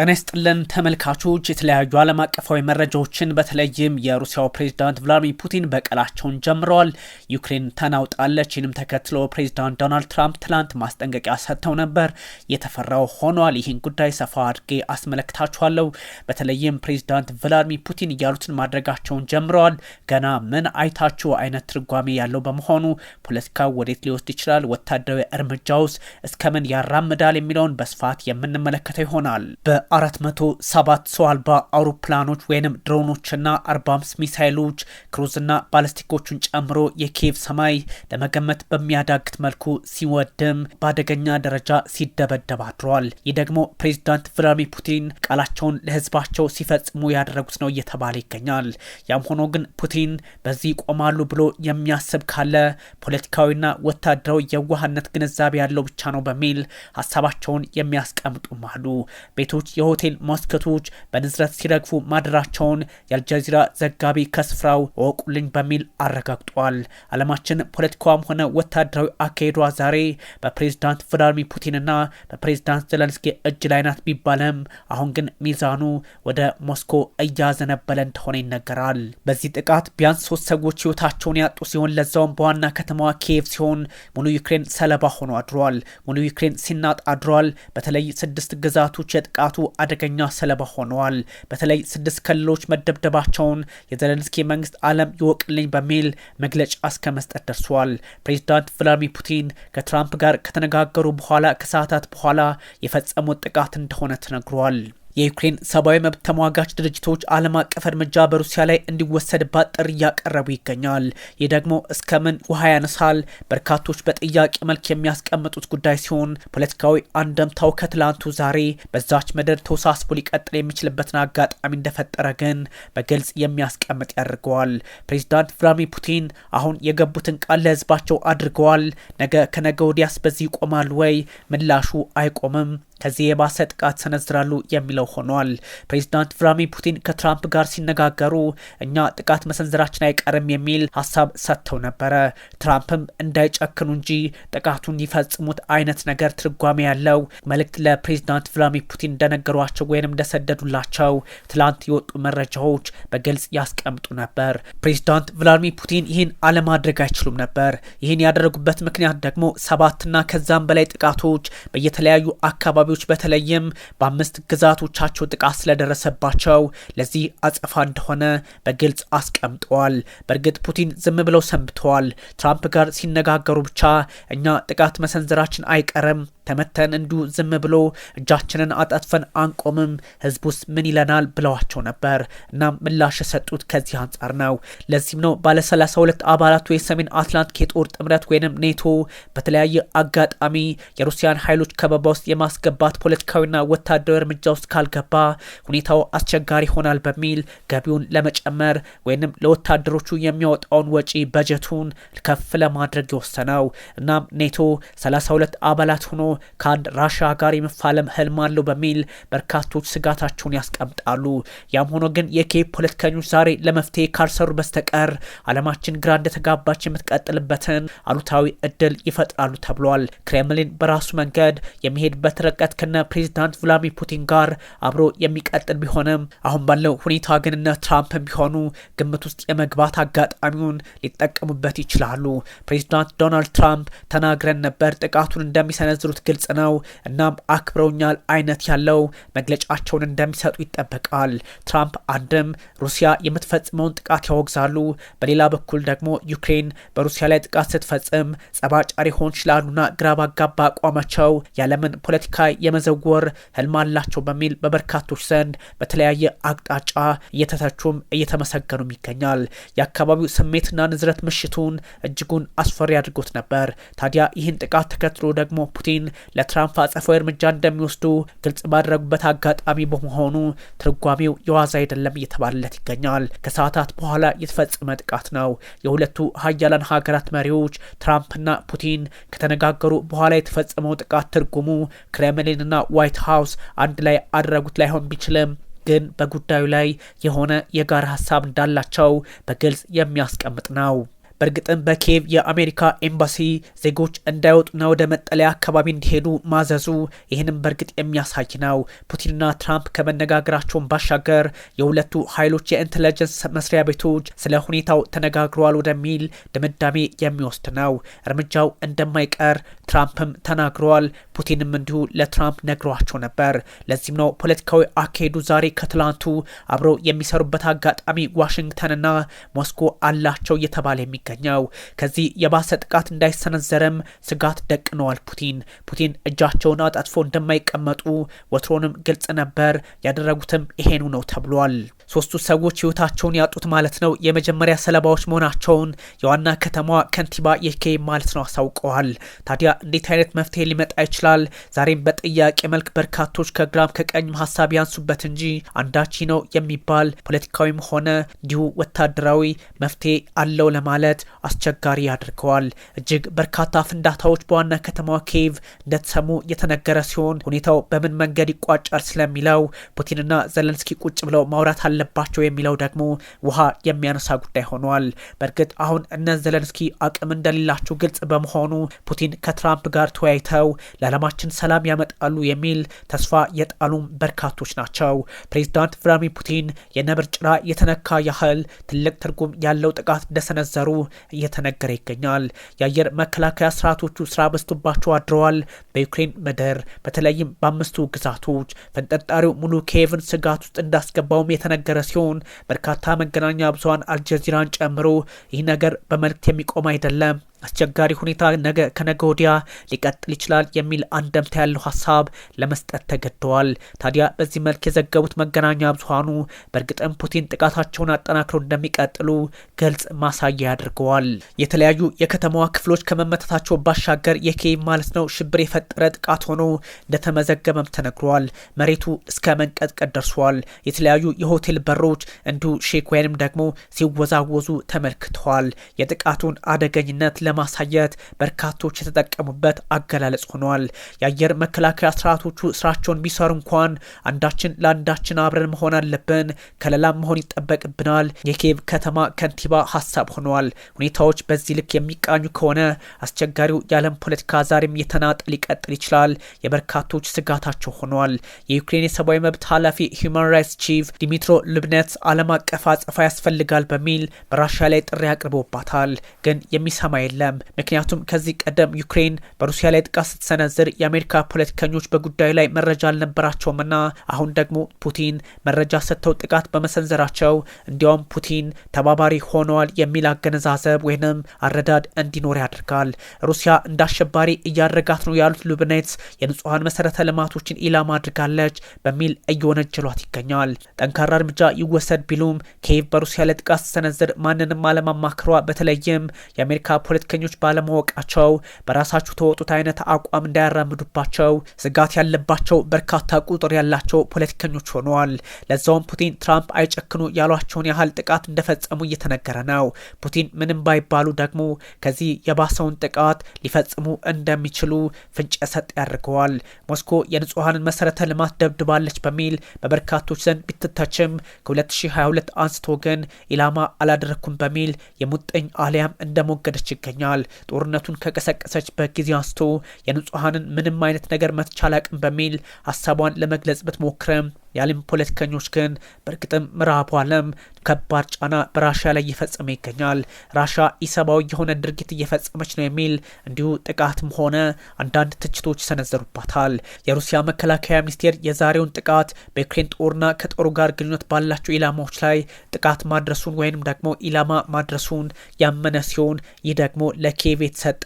ጤና ይስጥልን ተመልካቾች፣ የተለያዩ ዓለም አቀፋዊ መረጃዎችን በተለይም የሩሲያው ፕሬዝዳንት ቭላድሚር ፑቲን በቀላቸውን ጀምረዋል። ዩክሬን ተናውጣለች። ይህንም ተከትሎ ፕሬዝዳንት ዶናልድ ትራምፕ ትላንት ማስጠንቀቂያ ሰጥተው ነበር። የተፈራው ሆኗል። ይህን ጉዳይ ሰፋ አድርጌ አስመለክታችኋለሁ። በተለይም ፕሬዝዳንት ቭላድሚር ፑቲን እያሉትን ማድረጋቸውን ጀምረዋል። ገና ምን አይታችሁ አይነት ትርጓሜ ያለው በመሆኑ ፖለቲካው ወዴት ሊወስድ ይችላል፣ ወታደራዊ እርምጃውስ እስከምን ያራምዳል የሚለውን በስፋት የምንመለከተው ይሆናል። 407 ሰው አልባ አውሮፕላኖች ወይንም ድሮኖችና 45 ሚሳይሎች ክሩዝና ባለስቲኮቹን ጨምሮ የኪየቭ ሰማይ ለመገመት በሚያዳግት መልኩ ሲወድም በአደገኛ ደረጃ ሲደበደብ አድሯል። ይህ ደግሞ ፕሬዚዳንት ቭላዲሚር ፑቲን ቃላቸውን ለህዝባቸው ሲፈጽሙ ያደረጉት ነው እየተባለ ይገኛል። ያም ሆኖ ግን ፑቲን በዚህ ይቆማሉ ብሎ የሚያስብ ካለ ፖለቲካዊና ወታደራዊ የዋህነት ግንዛቤ ያለው ብቻ ነው በሚል ሀሳባቸውን የሚያስቀምጡም አሉ። ቤቶች የሆቴል መስኮቶች በንዝረት ሲረግፉ ማደራቸውን የአልጀዚራ ዘጋቢ ከስፍራው እወቁልኝ በሚል አረጋግጧል። አለማችን ፖለቲካዋም ሆነ ወታደራዊ አካሄዷ ዛሬ በፕሬዝዳንት ቭላድሚር ፑቲንና በፕሬዝዳንት ዘለንስኪ እጅ ላይ ናት ቢባለም አሁን ግን ሚዛኑ ወደ ሞስኮ እያዘነበለ እንደሆነ ይነገራል። በዚህ ጥቃት ቢያንስ ሶስት ሰዎች ህይወታቸውን ያጡ ሲሆን ለዛውም በዋና ከተማዋ ኪየቭ ሲሆን ሙሉ ዩክሬን ሰለባ ሆኖ አድሯል። ሙሉ ዩክሬን ሲናጥ አድሯል። በተለይ ስድስት ግዛቶች የጥቃቱ አደገኛ ሰለባ ሆነዋል። በተለይ ስድስት ክልሎች መደብደባቸውን የዘለንስኪ መንግስት ዓለም ይወቅልኝ በሚል መግለጫ እስከ መስጠት ደርሷል። ፕሬዚዳንት ቭላድሚር ፑቲን ከትራምፕ ጋር ከተነጋገሩ በኋላ ከሰዓታት በኋላ የፈጸሙት ጥቃት እንደሆነ ተነግሯል። የዩክሬን ሰብአዊ መብት ተሟጋች ድርጅቶች ዓለም አቀፍ እርምጃ በሩሲያ ላይ እንዲወሰድባት ጥሪ እያቀረቡ ይገኛል። ይህ ደግሞ እስከምን ውሃ ያነሳል? በርካቶች በጥያቄ መልክ የሚያስቀምጡት ጉዳይ ሲሆን ፖለቲካዊ አንደምታው ከትላንቱ ዛሬ በዛች ምድር ተወሳስቦ ሊቀጥል የሚችልበትን አጋጣሚ እንደፈጠረ ግን በግልጽ የሚያስቀምጥ ያደርገዋል። ፕሬዚዳንት ቭላድሚር ፑቲን አሁን የገቡትን ቃል ለህዝባቸው አድርገዋል። ነገ ከነገ ወዲያስ በዚህ ይቆማል ወይ? ምላሹ አይቆምም። ከዚህ የባሰ ጥቃት ሰነዝራሉ የሚለው ሆኗል። ፕሬዚዳንት ቭላድሚር ፑቲን ከትራምፕ ጋር ሲነጋገሩ እኛ ጥቃት መሰንዘራችን አይቀርም የሚል ሀሳብ ሰጥተው ነበረ። ትራምፕም እንዳይጨክኑ እንጂ ጥቃቱን ይፈጽሙት አይነት ነገር ትርጓሜ ያለው መልእክት ለፕሬዚዳንት ቭላድሚር ፑቲን እንደነገሯቸው ወይንም እንደሰደዱላቸው ትላንት የወጡ መረጃዎች በግልጽ ያስቀምጡ ነበር። ፕሬዚዳንት ቭላድሚር ፑቲን ይህን አለማድረግ አይችሉም ነበር። ይህን ያደረጉበት ምክንያት ደግሞ ሰባትና ከዛም በላይ ጥቃቶች በየተለያዩ አካባቢ አካባቢዎች በተለይም በአምስት ግዛቶቻቸው ጥቃት ስለደረሰባቸው ለዚህ አጸፋ እንደሆነ በግልጽ አስቀምጠዋል። በእርግጥ ፑቲን ዝም ብለው ሰንብተዋል። ትራምፕ ጋር ሲነጋገሩ ብቻ እኛ ጥቃት መሰንዘራችን አይቀርም ተመተን እንዲሁ ዝም ብሎ እጃችንን አጣጥፈን አንቆምም፣ ህዝቡስ ምን ይለናል ብለዋቸው ነበር። እናም ምላሽ የሰጡት ከዚህ አንጻር ነው። ለዚህም ነው ባለ 32 አባላቱ የሰሜን አትላንቲክ የጦር ጥምረት ወይንም ኔቶ በተለያየ አጋጣሚ የሩሲያን ኃይሎች ከበባ ውስጥ የማስገባት ፖለቲካዊና ወታደራዊ እርምጃ ውስጥ ካልገባ ሁኔታው አስቸጋሪ ይሆናል በሚል ገቢውን ለመጨመር ወይንም ለወታደሮቹ የሚያወጣውን ወጪ በጀቱን ከፍ ለማድረግ የወሰነው። እናም ኔቶ 32 አባላት ሆኖ ከአንድ ራሻ ጋር የመፋለም ህልም አለው በሚል በርካቶች ስጋታቸውን ያስቀምጣሉ። ያም ሆኖ ግን የኬፕ ፖለቲከኞች ዛሬ ለመፍትሄ ካልሰሩ በስተቀር አለማችን ግራ እንደተጋባች የምትቀጥልበትን አሉታዊ እድል ይፈጥራሉ ተብሏል። ክሬምሊን በራሱ መንገድ የሚሄድበት ርቀት ከነ ፕሬዚዳንት ቭላዲሚር ፑቲን ጋር አብሮ የሚቀጥል ቢሆንም አሁን ባለው ሁኔታ ግን እነ ትራምፕም ቢሆኑ ግምት ውስጥ የመግባት አጋጣሚውን ሊጠቀሙበት ይችላሉ። ፕሬዚዳንት ዶናልድ ትራምፕ ተናግረን ነበር ጥቃቱን እንደሚሰነዝሩት ግልጽ ነው። እናም አክብረውኛል አይነት ያለው መግለጫቸውን እንደሚሰጡ ይጠበቃል። ትራምፕ አንድም ሩሲያ የምትፈጽመውን ጥቃት ያወግዛሉ፣ በሌላ በኩል ደግሞ ዩክሬን በሩሲያ ላይ ጥቃት ስትፈጽም ጸባጫሪ ሆን ይችላሉና ግራ ባጋባ አቋማቸው ያለምን ፖለቲካ የመዘወር ህልም አላቸው በሚል በበርካቶች ዘንድ በተለያየ አቅጣጫ እየተተቹም እየተመሰገኑም ይገኛል። የአካባቢው ስሜትና ንዝረት ምሽቱን እጅጉን አስፈሪ አድርጎት ነበር። ታዲያ ይህን ጥቃት ተከትሎ ደግሞ ፑቲን ለትራምፕ አጸፋዊ እርምጃ እንደሚወስዱ ግልጽ ባደረጉበት አጋጣሚ በመሆኑ ትርጓሜው የዋዛ አይደለም እየተባለለት ይገኛል። ከሰዓታት በኋላ የተፈጸመ ጥቃት ነው። የሁለቱ ሀያላን ሀገራት መሪዎች ትራምፕና ፑቲን ከተነጋገሩ በኋላ የተፈጸመው ጥቃት ትርጉሙ ክሬምሊንና ዋይት ሀውስ አንድ ላይ አደረጉት ላይሆን ቢችልም ግን በጉዳዩ ላይ የሆነ የጋራ ሀሳብ እንዳላቸው በግልጽ የሚያስቀምጥ ነው። በእርግጥም በኬቭ የአሜሪካ ኤምባሲ ዜጎች እንዳይወጡና ወደ መጠለያ አካባቢ እንዲሄዱ ማዘዙ ይህንም በእርግጥ የሚያሳይ ነው። ፑቲንና ትራምፕ ከመነጋገራቸውን ባሻገር የሁለቱ ኃይሎች የኢንቴለጀንስ መስሪያ ቤቶች ስለ ሁኔታው ተነጋግረዋል ወደሚል ድምዳሜ የሚወስድ ነው። እርምጃው እንደማይቀር ትራምፕም ተናግረዋል። ፑቲንም እንዲሁ ለትራምፕ ነግሯቸው ነበር። ለዚህም ነው ፖለቲካዊ አካሄዱ ዛሬ ከትላንቱ አብረው የሚሰሩበት አጋጣሚ ዋሽንግተንና ሞስኮ አላቸው እየተባለ የሚገኘው። ከዚህ የባሰ ጥቃት እንዳይሰነዘረም ስጋት ደቅነዋል ፑቲን። ፑቲን እጃቸውን አጣጥፎ እንደማይቀመጡ ወትሮንም ግልጽ ነበር። ያደረጉትም ይሄኑ ነው ተብሏል። ሶስቱ ሰዎች ህይወታቸውን ያጡት ማለት ነው የመጀመሪያ ሰለባዎች መሆናቸውን የዋና ከተማዋ ከንቲባ የኬ ማለት ነው አሳውቀዋል። ታዲያ እንዴት አይነት መፍትሄ ሊመጣ ይችላል ይመስላል። ዛሬም በጥያቄ መልክ በርካቶች ከግራም ከቀኝም ሀሳብ ያንሱበት እንጂ አንዳች ነው የሚባል ፖለቲካዊም ሆነ እንዲሁ ወታደራዊ መፍትሄ አለው ለማለት አስቸጋሪ አድርገዋል። እጅግ በርካታ ፍንዳታዎች በዋና ከተማዋ ኬቭ እንደተሰሙ የተነገረ ሲሆን ሁኔታው በምን መንገድ ይቋጫል ስለሚለው ፑቲንና ዘለንስኪ ቁጭ ብለው ማውራት አለባቸው የሚለው ደግሞ ውሃ የሚያነሳ ጉዳይ ሆኗል። በእርግጥ አሁን እነ ዘለንስኪ አቅም እንደሌላቸው ግልጽ በመሆኑ ፑቲን ከትራምፕ ጋር ተወያይተው ለ ለዓለማችን ሰላም ያመጣሉ የሚል ተስፋ የጣሉም በርካቶች ናቸው። ፕሬዚዳንት ቭላድሚር ፑቲን የነብር ጭራ የተነካ ያህል ትልቅ ትርጉም ያለው ጥቃት እንደሰነዘሩ እየተነገረ ይገኛል። የአየር መከላከያ ስርዓቶቹ ስራ በዝቶባቸው አድረዋል። በዩክሬን ምድር በተለይም በአምስቱ ግዛቶች ፈንጠጣሪው ሙሉ ኬቭን ስጋት ውስጥ እንዳስገባውም የተነገረ ሲሆን በርካታ መገናኛ ብዙሀን አልጀዚራን ጨምሮ ይህ ነገር በመልእክት የሚቆም አይደለም አስቸጋሪ ሁኔታ ነገ ከነገ ወዲያ ሊቀጥል ይችላል የሚል አንደምታ ያለው ሀሳብ ለመስጠት ተገድደዋል። ታዲያ በዚህ መልክ የዘገቡት መገናኛ ብዙሀኑ በእርግጥም ፑቲን ጥቃታቸውን አጠናክረው እንደሚቀጥሉ ግልጽ ማሳያ አድርገዋል። የተለያዩ የከተማዋ ክፍሎች ከመመታታቸው ባሻገር የኬ ማለት ነው ሽብር የፈጠረ ጥቃት ሆኖ እንደተመዘገበም ተነግሯል። መሬቱ እስከ መንቀጥቀጥ ደርሷል። የተለያዩ የሆቴል በሮች እንዲሁ ሼክ ወይንም ደግሞ ሲወዛወዙ ተመልክተዋል። የጥቃቱን አደገኝነት ለማሳየት በርካቶች የተጠቀሙበት አገላለጽ ሆኗል። የአየር መከላከያ ስርዓቶቹ ስራቸውን ቢሰሩ እንኳን አንዳችን ለአንዳችን አብረን መሆን አለብን፣ ከለላም መሆን ይጠበቅብናል። የኬቭ ከተማ ከንቲባ ሀሳብ ሆኗል። ሁኔታዎች በዚህ ልክ የሚቃኙ ከሆነ አስቸጋሪው የዓለም ፖለቲካ ዛሬም የተናጠ ሊቀጥል ይችላል፣ የበርካቶች ስጋታቸው ሆኗል። የዩክሬን የሰብአዊ መብት ኃላፊ ሂውማን ራይትስ ቺፍ ዲሚትሮ ልብነት ዓለም አቀፍ አጸፋ ያስፈልጋል በሚል በራሻ ላይ ጥሪ አቅርቦባታል፣ ግን የሚሰማ የለም። አይደለም። ምክንያቱም ከዚህ ቀደም ዩክሬን በሩሲያ ላይ ጥቃት ስትሰነዝር የአሜሪካ ፖለቲከኞች በጉዳዩ ላይ መረጃ አልነበራቸውምና አሁን ደግሞ ፑቲን መረጃ ሰጥተው ጥቃት በመሰንዘራቸው እንዲያውም ፑቲን ተባባሪ ሆነዋል የሚል አገነዛዘብ ወይንም አረዳድ እንዲኖር ያደርጋል። ሩሲያ እንደ አሸባሪ እያደረጋት ነው ያሉት ሉብኔትስ የንጹሐን መሰረተ ልማቶችን ኢላማ አድርጋለች በሚል እየወነጀሏት ይገኛል። ጠንካራ እርምጃ ይወሰድ ቢሉም ኬቭ በሩሲያ ላይ ጥቃት ስትሰነዝር ማንንም አለማማክሯ በተለይም የአሜሪካ ፖለቲ ፖለቲከኞች ባለማወቃቸው በራሳችሁ ተወጡት አይነት አቋም እንዳያራምዱባቸው ስጋት ያለባቸው በርካታ ቁጥር ያላቸው ፖለቲከኞች ሆነዋል። ለዛውም ፑቲን ትራምፕ አይጨክኑ ያሏቸውን ያህል ጥቃት እንደፈጸሙ እየተነገረ ነው። ፑቲን ምንም ባይባሉ ደግሞ ከዚህ የባሰውን ጥቃት ሊፈጽሙ እንደሚችሉ ፍንጭ ሰጥ ያደርገዋል። ሞስኮ የንጹሐንን መሰረተ ልማት ደብድባለች በሚል በበርካቶች ዘንድ ቢትተችም ከ2022 አንስቶ ግን ኢላማ አላደረኩም በሚል የሙጥኝ አሊያም እንደሞገደች ይገኛል። ይመስለኛል። ጦርነቱን ከቀሰቀሰችበት ጊዜ አንስቶ የንጹሐንን ምንም አይነት ነገር መትቻል አቅም በሚል ሀሳቧን ለመግለጽ ብትሞክርም የዓለም ፖለቲከኞች ግን በእርግጥም ምዕራቡ ዓለም ከባድ ጫና በራሽያ ላይ እየፈጸመ ይገኛል። ራሻ ኢሰብአዊ የሆነ ድርጊት እየፈጸመች ነው የሚል እንዲሁ ጥቃትም ሆነ አንዳንድ ትችቶች ሰነዘሩባታል። የሩሲያ መከላከያ ሚኒስቴር የዛሬውን ጥቃት በዩክሬን ጦርና ከጦሩ ጋር ግንኙነት ባላቸው ኢላማዎች ላይ ጥቃት ማድረሱን ወይንም ደግሞ ኢላማ ማድረሱን ያመነ ሲሆን ይህ ደግሞ ለኪየቭ የተሰጠ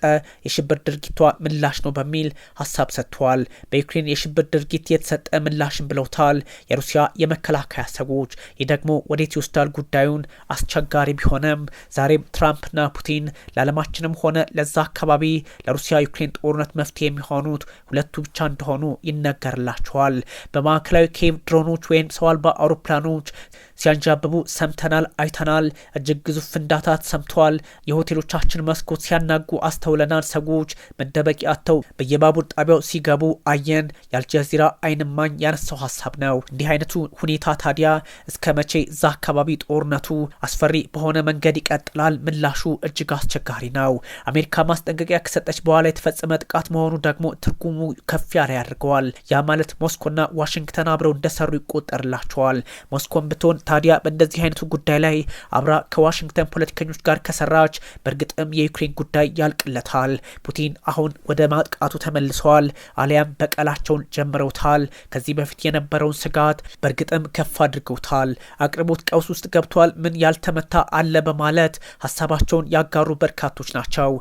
የሽብር ድርጊቷ ምላሽ ነው በሚል ሀሳብ ሰጥቷል። በዩክሬን የሽብር ድርጊት የተሰጠ ምላሽን ብለውታል። የሩሲያ የመከላከያ ሰዎች ይህ ደግሞ ወዴት ይወስዳል ጉዳዩን አስቸጋሪ ቢሆንም ዛሬም ትራምፕና ፑቲን ለዓለማችንም ሆነ ለዛ አካባቢ ለሩሲያ ዩክሬን ጦርነት መፍትሄ የሚሆኑት ሁለቱ ብቻ እንደሆኑ ይነገርላቸዋል። በማዕከላዊ ኬቭ ድሮኖች ወይም ሰው አልባ አውሮፕላኖች ሲያንዣብቡ ሰምተናል፣ አይተናል። እጅግ ግዙፍ ፍንዳታ ተሰምተዋል። የሆቴሎቻችን መስኮት ሲያናጉ አስተውለናል። ሰዎች መደበቂያ አጥተው በየባቡር ጣቢያው ሲገቡ አየን። የአልጀዚራ አይንማኝ ያነሳው ሀሳብ ነው። እንዲህ አይነቱ ሁኔታ ታዲያ እስከ መቼ እዛ አካባቢ ጦርነቱ አስፈሪ በሆነ መንገድ ይቀጥላል? ምላሹ እጅግ አስቸጋሪ ነው። አሜሪካ ማስጠንቀቂያ ከሰጠች በኋላ የተፈጸመ ጥቃት መሆኑ ደግሞ ትርጉሙ ከፍ ያለ ያደርገዋል። ያ ማለት ሞስኮና ዋሽንግተን አብረው እንደሰሩ ይቆጠርላቸዋል። ሞስኮን ብትሆን ታዲያ በእንደዚህ አይነቱ ጉዳይ ላይ አብራ ከዋሽንግተን ፖለቲከኞች ጋር ከሰራች በእርግጥም የዩክሬን ጉዳይ ያልቅለታል። ፑቲን አሁን ወደ ማጥቃቱ ተመልሰዋል፣ አሊያም በቀላቸውን ጀምረውታል። ከዚህ በፊት የነበረውን ስጋት በእርግጥም ከፍ አድርገውታል። አቅርቦት ቀውስ ውስጥ ገብቷል፣ ምን ያልተመታ አለ በማለት ሀሳባቸውን ያጋሩ በርካቶች ናቸው።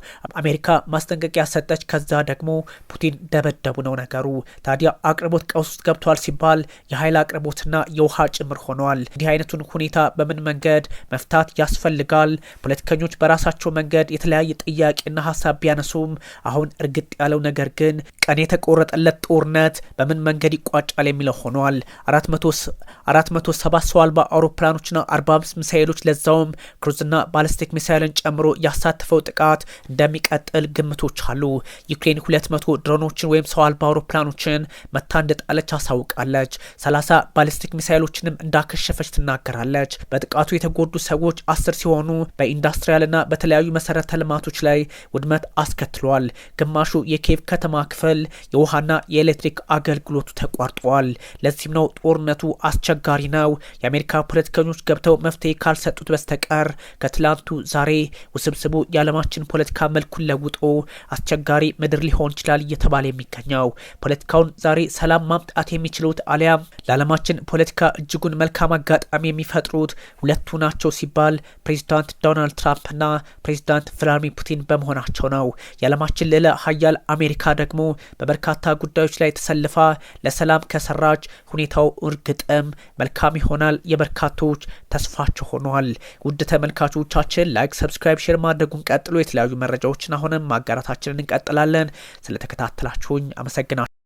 አሜሪካ ማስጠንቀቂያ ሰጠች፣ ከዛ ደግሞ ፑቲን ደበደቡ ነው ነገሩ። ታዲያ አቅርቦት ቀውስ ውስጥ ገብቷል ሲባል የኃይል አቅርቦትና የውሃ ጭምር ሆኗል። እንዲህ አይነቱን ሁኔታ በምን መንገድ መፍታት ያስፈልጋል? ፖለቲከኞች በራሳቸው መንገድ የተለያየ ጥያቄና ሀሳብ ቢያነሱም አሁን እርግጥ ያለው ነገር ግን ቀን የተቆረጠለት ጦርነት በምን መንገድ ይቋጫል የሚለው ሆኗል። አራት መቶ ሰባ ሰው አልባ አውሮፕላኖችና አርባ አምስት ሚሳይሎች ለዛውም ክሩዝና ባለስቲክ ሚሳይልን ጨምሮ ያሳተፈው ጥቃት እንደሚቀጥል ግምቶች አሉ። ዩክሬን ሁለት መቶ ድሮኖችን ወይም ሰው አልባ አውሮፕላኖችን መታ እንደጣለች አሳውቃለች። ሰላሳ ባለስቲክ ሚሳይሎችንም እንዳከሸፈች ትናገራለች። በጥቃቱ የተጎዱ ሰዎች አስር ሲሆኑ በኢንዱስትሪያልና በተለያዩ መሰረተ ልማቶች ላይ ውድመት አስከትሏል። ግማሹ የኬቭ ከተማ ክፍል የውሃና የኤሌክትሪክ አገልግሎቱ ተቋርጧል። ለዚህም ነው ጦርነቱ አስቸጋሪ ነው፣ የአሜሪካ ፖለቲከኞች ገብተው መፍትሄ ካልሰጡት በስተቀር ከትላንቱ ዛሬ ውስብስቡ የዓለማችን ፖለቲካ መልኩን ለውጦ አስቸጋሪ ምድር ሊሆን ይችላል እየተባለ የሚገኘው ፖለቲካውን ዛሬ ሰላም ማምጣት የሚችሉት አሊያም ለዓለማችን ፖለቲካ እጅጉን መልካም አጋጣሚ አጋጣሚ የሚፈጥሩት ሁለቱ ናቸው ሲባል ፕሬዚዳንት ዶናልድ ትራምፕና ፕሬዚዳንት ቭላድሚር ፑቲን በመሆናቸው ነው። የዓለማችን ልዕለ ሀያል አሜሪካ ደግሞ በበርካታ ጉዳዮች ላይ ተሰልፋ ለሰላም ከሰራች ሁኔታው እርግጥም መልካም ይሆናል፣ የበርካቶች ተስፋቸው ሆኗል። ውድ ተመልካቾቻችን ላይክ፣ ሰብስክራይብ፣ ሼር ማድረጉን ቀጥሎ የተለያዩ መረጃዎችን አሁንም ማጋራታችንን እንቀጥላለን። ስለተከታተላችሁኝ አመሰግናችሁ